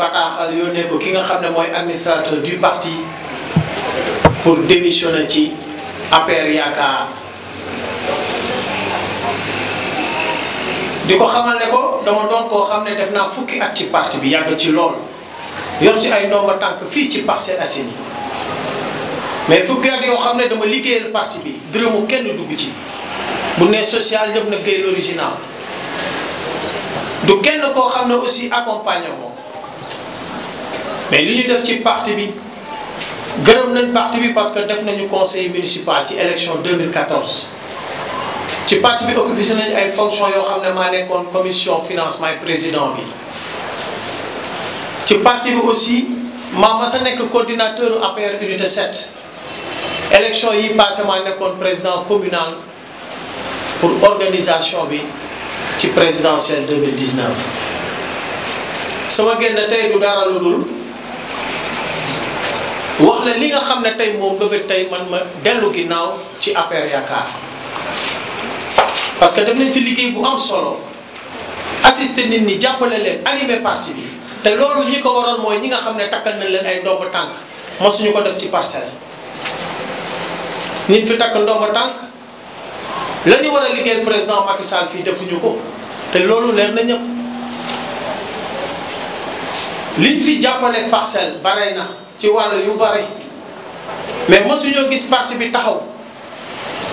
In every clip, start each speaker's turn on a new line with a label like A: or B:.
A: bataaxal yónnee ko ki nga xam ne mooy administrateur du parti pour démissionner ci APR yaakaar di ko xamal ne ko dama doon koo xam ne def naa fukki at ci parti bi yàgg ci lool yor ci ay ndomba tànk fii ci parce Parcelles Assainies mais fukki at yoo xam ne dama liggéeyal parti bi dërëmu kenn dugg ci bu ne social ñëpp na géy l'original du kenn koo xam ne aussi accompagnement mais li ñu def ci parti bi gërëm nañ parti bi parce que def nañu conseil municipal ci élection 2014 ci parti bi occupé nañu ay fonctions yoo xam ne maa nekkoon commission financement président bi ci parti bi aussi maa ma sa nekk coordinateur APR unité 7 élection yi passé maa nekkoon président communal pour organisation bi ci présidentielle 2019 sama génn tey du dara lu dul wax la li nga xam ne tey moom bëbët tey man ma dellu ginnaaw ci APR yaakaar parce que def nañ fi liggéey bu am solo assister nit ñi jàppale leen animer parti bi te loolu ñi ko waroon mooy ñi nga xam ne takkal nañ leen ay ndomb tànk mosuñu ko def ci parcelle ñi fi takk ndomb tànk la ñu war a liggéeyal président Macky Sall fii defuñu ko te loolu leer na ñëpp liñ fi jàppale parcelle bare na. ci wàll yu bari mais mosuñoo gis parti bi taxaw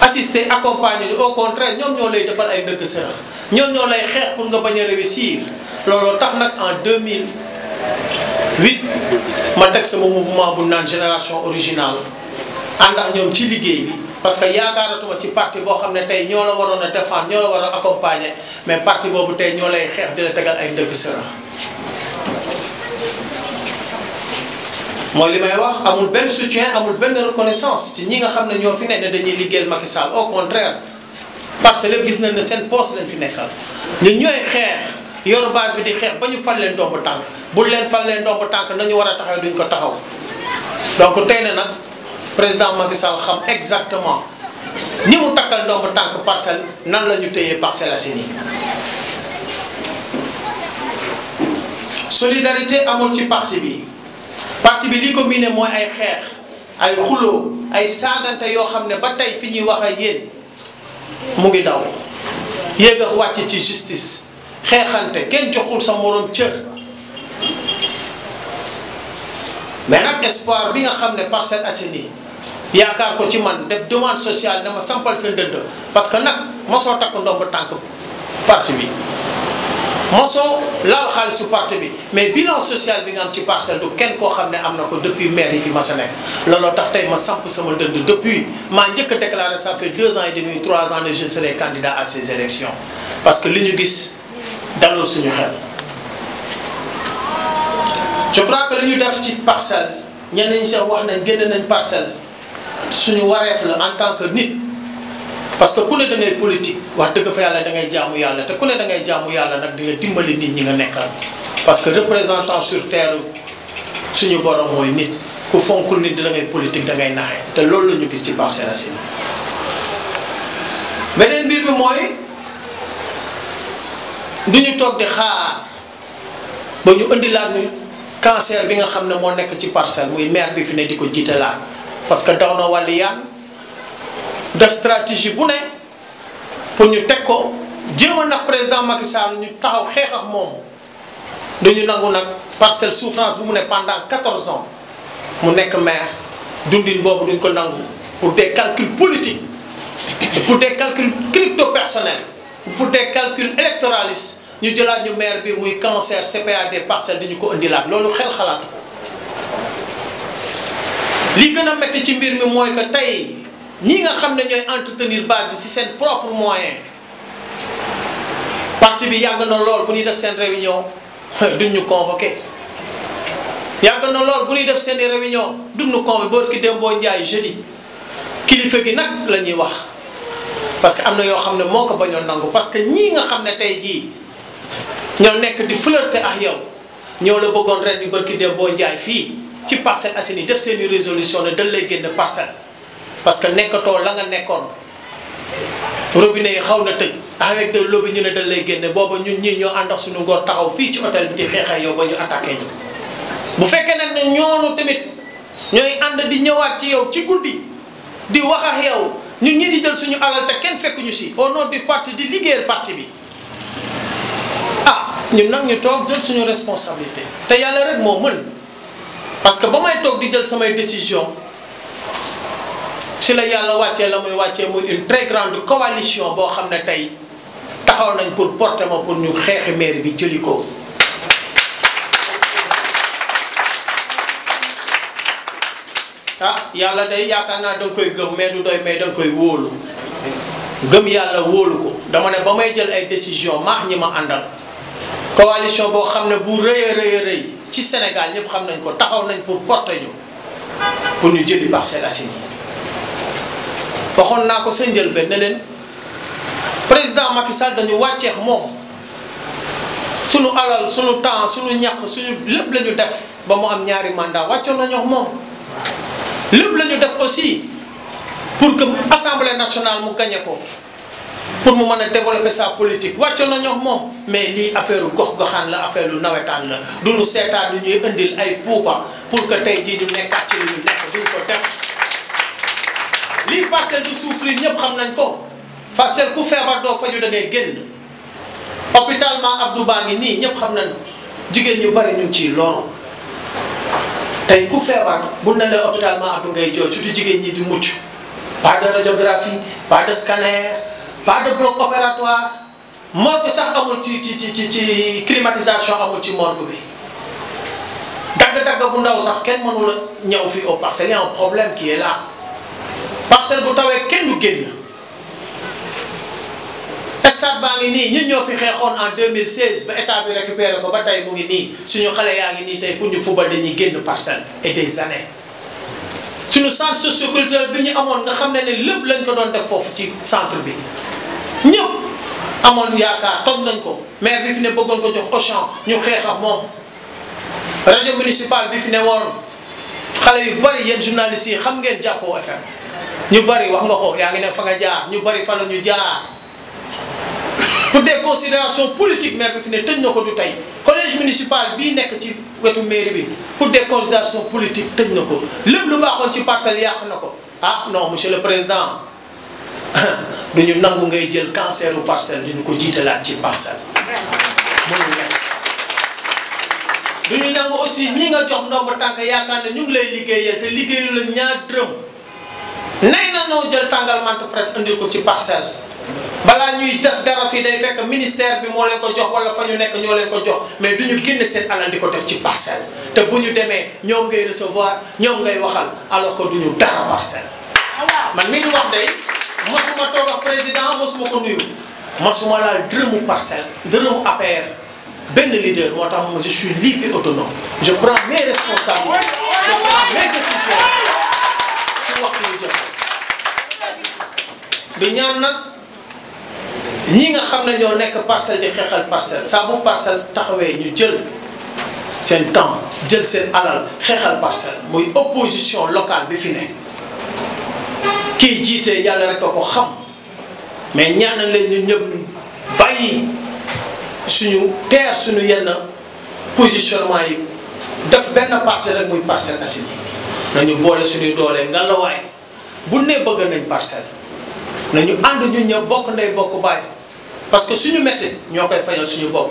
A: assister accompagner au contraire ñoom ñoo lay defal ay ndëgg sërëx ñoom ñoo lay xeex pour nga bañ a réussir looloo tax nag en 2008 ma teg sama mouvement bu naan génération originale ànd ak ñoom ci liggéey bi parce que yaakaaratuma ci parti boo xam ne tey ñoo la waroon a défendre ñoo la war a accompagner mais parti boobu tey ñoo lay xeex di la tegal ay ndëgg sërëx mooy li may wax amul benn soutien amul benn reconnaissance ci ñi nga xam ne ñoo fi ne dañuy liggéeyal Macky Sall au contraire parce que gis nañ ne seen poste lañ fi nekkal ñun ñooy xeex yor base bi di xeex ba ñu fal leen domb tànk bul leen fal leen domb tànk nañu war a taxaw duñ ko taxaw donc tey ne nag président Macky Sall xam exactement ñi mu takkal domb tànk parcelle nan la ñu téyee Parcelles Assainies solidarité amul ci parti bi pàcc bi li ko miine mooy ay xeex ay xuloo ay saagante yoo xam ne ba tey fi ñuy wax ay yéen mu ngi daw yéeg ak wàcc ci justice xeexante kenn joxul sa moroom cër mais nag espoir bi nga xam ne parce Parcelles Assainies yaakaar ko ci man def demande sociale dama sampal seen dënd parce que nag soo takk ndomb tànk parti bi mosoo laal xaalisu parti bi mais bilan social bi nga am ci parcelle du kenn koo xam ne am na ko depuis maire yi fi ma sa nekk looloo tax tey ma samp sama dënd depuis maa njëkk a déclaré ça fait deux ans et demi trois ans ne je serai candidat à ces élections parce que li ñu gis dalul suñu xel je crois que li ñu def ci parcelle ñenn ñi sax wax nañ génn nañ parcelle suñu wareef la en tant que nit parce que ku ne da ngay wax dëgg fa yàlla dangay ngay jaamu yàlla te ku ne dangay ngay jaamu yàlla nag di nga dimbali nit ñi nga nekkal parce que représentant sur terre suñu borom mooy nit ku fonkul nit da ngay politique da ngay te loolu la ñu gis ci Parcelles Assainies beneen mbir bi mooy du ñu toog di xaar ba ñu indilaat ñu cancer bi nga xam ne moo nekk ci parcelle muy maire bi fi ne di ko jiitalaat parce que daw na wàllu yaan def stratégie bu ne pour ñu teg ko jéemoon nag président Macky Sall ñu taxaw xeex ak moom dañu nangu nag parcelle souffrance bu mu ne pendant 14 ans mu nekk maire dundin boobu duñ ko nangu pour des calculs politiques pour des calculs crypto personnels pour des calculs électoralistes ñu jëlaat ñu maire bi muy cancer CPAD parcelle di ñu ko indilaat loolu xel xalaatu ko gën a métti ci mbir mi mooy que tey. ñi nga xam ne ñooy entretenir base bi si seen propre moyen parti bi yàgg na lool bu ñuy def seen réunion duñ ñu convoqué yàgg na lool bu ñuy def seen réunion duñ ñu convoqué boor ki dem boo Ndiaye jeudi kilifa gi nag la ñuy wax parce que am na yoo xam ne moo ko bañoon nangu parce que ñii nga xam ne tey jii ñoo nekk di flirté ak yow ñoo la bëggoon ren di dem boo Ndiaye fii ci Parcelles Assainies def seen i résolution ne dañ lay génn parcelle. parce que nekkatoo la nga nekkoon robinet yi xaw na tëj avec de lobby ñu ne dañ lay génne booba ñun ñii ñoo ànd ak suñu ngor taxaw fii ci hôtel bi di xeexee yow ba ñu attaqué ñu. bu fekkee nag ne ñoonu tamit ñooy ànd di ñëwaat ci yow ci guddi di wax ak yow ñun ñii di jël suñu alal te kenn fekkuñu si au nom parti di liggéeyal parti bi ah ñun nag ñu toog jël suñu responsabilité te yàlla rek moo mën parce que ba may toog di jël samay décision si la yàlla wàccee la muy wàccee muy une très grande coalition boo xam ne tey taxaw nañ pour porter ma pour ñu xeexi maire bi jëli ko. ah yàlla day yaakaar naa danga koy gëm mais du doy mais danga koy wóolu gëm yàlla wóolu ko dama ne ba may jël ay décision maax ñi ma àndal coalition boo xam ne bu rëy a rëy a rëy ci Sénégal ñëpp xam nañ ko taxaw nañ pour porter ñu pour ñu jëli Parcelles Assainies waxoon naa ko sa njëlbeen ne leen président Macky Sall dañu wàcceex moom sunu alal suñu temps suñu ñàkk suñu lépp lañu def ba mu am ñaari mandat wàccoon na ñox moom lépp lañu def aussi pour que assemblée nationale mu gañe ko pour mu mën a développer sa politique wàccoon na ñox moom mais lii affaire gox goxaan la affaire lu nawetaan la du ñu seetaan lu ñuy indil ay puuba pour que tey jii ñu nekkaat ci lu ñu nekk duñ ko def. parcelle du souffrir ñëpp xam nañ ko parcelle ku feebar doo faju da génn hôpital ma Abdou Ba ngi nii ñëpp xam nañ jigéen ñu bari ñu ngi ciy loolu tey ku feebar bu ne la hôpital ma Abdou ngay jooy surtout jigéen ñi di mucc pas de radiographie pas de scanner pas de bloc opératoire morgue sax amul ci ci ci ci climatisation amul ci morgue bi dagg-dagg bu ndaw sax kenn mënu la ñëw fii au parcelle y a un problème qui est là. parcelle bu tawee kenn du génn stade baa ngi nii ñun ñoo fi xeexoon en 2016 ba état bi récupéré ko ba tey mu ngi nii suñu xale yaa ngi nii tey pour ñu fubal dañuy génn parcelle et des années suñu centre socioculturel bi ñu amoon nga xam ne ne lépp lañ ko doon def foofu ci centre bi ñëpp amoon yaakaar toog nañ ko maire bi fi ne bëggoon ko jox Auchan ñu xeex ak moom rajo municipal bi fi ne woon xale yu bari yéen journalistes yi xam ngeen Jàppoo FM ñu bari wax nga ko yaa ngi ne fa nga jaar ñu bari fan la ñu jaar pour des considérations politiques maire bi fi ne tëj na ko du tey collège municipal bii nekk ci wetu mairie bi pour des considérations politiques tëj na ko lépp lu baaxoon ci parcelle yàq na ko ah non monsieur le président du ñu nangu ngay jël cancer u parcelle du ñu ko jiitalaat ci parcelle mënul nekk du ñu nangu aussi ñi nga jox ndomb tànk yaakaar ne ñu lay liggéeyal te liggéeyul la ñaar dërëm nay na ñoo jël tàngal mante fraîche andil ko ci parcelle balaa ñuy def dara fii day fekk ministère bi moo leen ko jox wala fa ñu nekk ñoo leen ko jox mais du ñu génn seen alal di ko def ci parcelle te bu ñu demee ñoom ngay recevoir ñoom ngay waxal alors que du ñu dara parcelle. man mi di wax day mosuma toog ak président mosuma ko nuyu mosuma laal dërëmu parcelle dërëmu APR benn leader moo tax ma je suis libre et autonome je prends mes responsabilités je prends mes décisions si waxtu di ñaan nag ñi nga xam ne ñoo nekk parcelle di xeexal parcelle saa bu parcelle taxawee ñu jël seen temps jël seen alal xeexal parcelle muy opposition locale bi fi ne kiy jiitee yàlla rek a ko xam mais ñaan nañ leen ñun ñëpp bàyyi suñu teer suñu yenn positionnement yi def benn parti rek muy Parcelles Assainies nañu boole suñuy doolee nga la waaye bu ne bëgg nañ parcelle nañu ànd ñun ñëpp bokk ndey bokk bàyyi parce que suñu métti ñoo koy fañol suñu bopp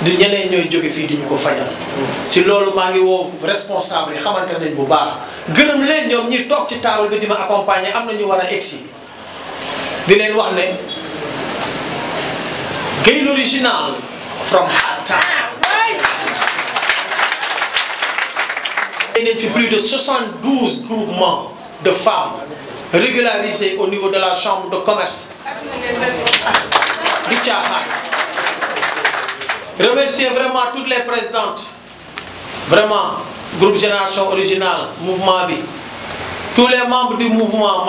A: di ñeneen ñooy jóge fii di ñu ko fajal si loolu maa ngi woo responsable yi xamante nañ bu baax gërëm leen ñoom ñi toog ci taabal bi di ma accompagner am na ñu war a egsi di leen wax ne Gueye l'original from hard time nañ fi plus de 72 groupement de femmes régularisé au niveau de la chambre de commerce du Tchaahan. Remercier vraiment toutes les présidentes, vraiment, groupe Génération Originale, Mouvement bi tous les membres du mouvement,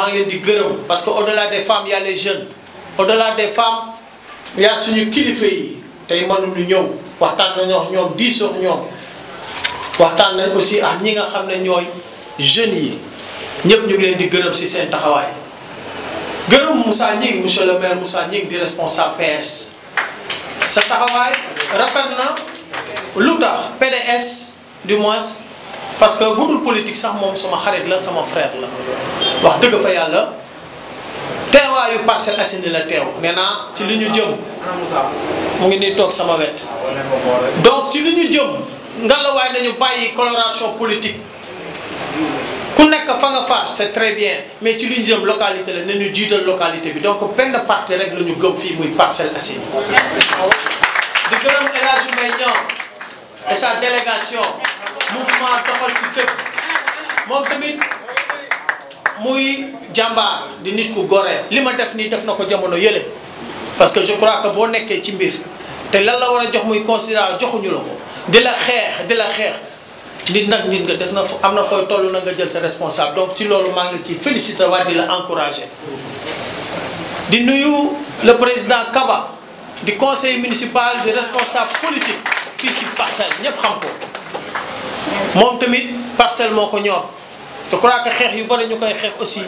A: parce qu'au-delà des femmes, il y a les jeunes. Au-delà des femmes, il y a ce qui tey mënuñu ñëw waxtaan nañu wax ñoom diisoo ñoom waxtaan nañ aussi ak ñi nga xam ne ñooy jeunes yi ñëpp ñu ngi leen di gërëm si seen taxawaay gërëm Moussa Gningue monsieur le maire musa Gningue di responsable PS sa taxawaay rafet na lu tax PDS du moins parce que bu dul politique sax moom sama xarit la sama frère la wax dëgg fa yàlla teewaayu Parcelles Assainies la teew nee naa ci li ñu jëm mu ngi nii toog sama wet donc ci li ñu jëm ngalawaay nañu bàyyi coloration politique ku nekk fa nga far c'est très bien mais ci lu ñu jëm localité la nañu jiital localité bi donc benn parti rek la ñu gëm fii muy Parcelles Assainies di gërëm El Hadj Mbaye Niang et sa délégation mouvement doxal ci dëkk moom tamit muy jàmbaar di nit ku gore li ma def nii def na ko jamono yële parce que je crois que boo nekkee ci mbir te lan la war a jox muy considération joxuñu la ko di la xeex di la xeex nit nag nit nga des na am na fooy tollu na nga jël sa responsable donc ci loolu maa ngi ci félicité waat di la encouragé di nuyu le président Kaba di conseil municipal di responsable politique fii ci parcelle ñépp xam ko moom tamit parcelle moo ko ñor je crois xeex yu bari ñu koy xeex aussi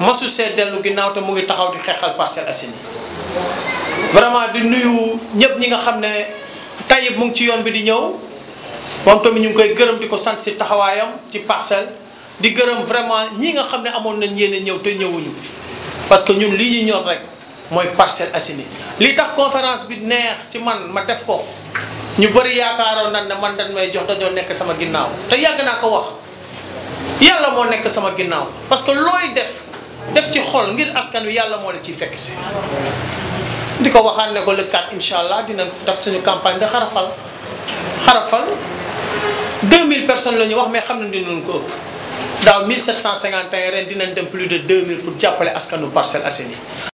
A: masu see dellu ginnaaw te mu ngi taxaw di xeexal Parcelles Assainies vraiment di nuyu ñëpp ñi nga xam ne tayib mu ngi ci yoon bi di ñëw moom tamit ñu ngi koy gërëm di ko sant si taxawaayam ci parcelle di gërëm vraiment ñi nga xam ne amoon nañ yéene ñëw te ñëwuñu parce que ñun lii ñu ñor rek mooy Parcelles assini li tax conférence bi neex ci man ma def ko ñu bëri yaakaaroon nan ne man dañ may jox dañoo nekk sama ginnaaw te yàgg naa ko wax yàlla moo nekk sama ginnaaw parce que looy def def ci xol ngir askan wi yàlla moo la ciy fekk si di ko waxaat ne ko lëkkaat incha allah dina def suñu campagne de xarafal xarafal mille personnes la ñu wax mais xam nañu ne ko ëpp daaw 1751 ren dinañ dem plus de 2000 pour jàppale askanu Parcelles Assainies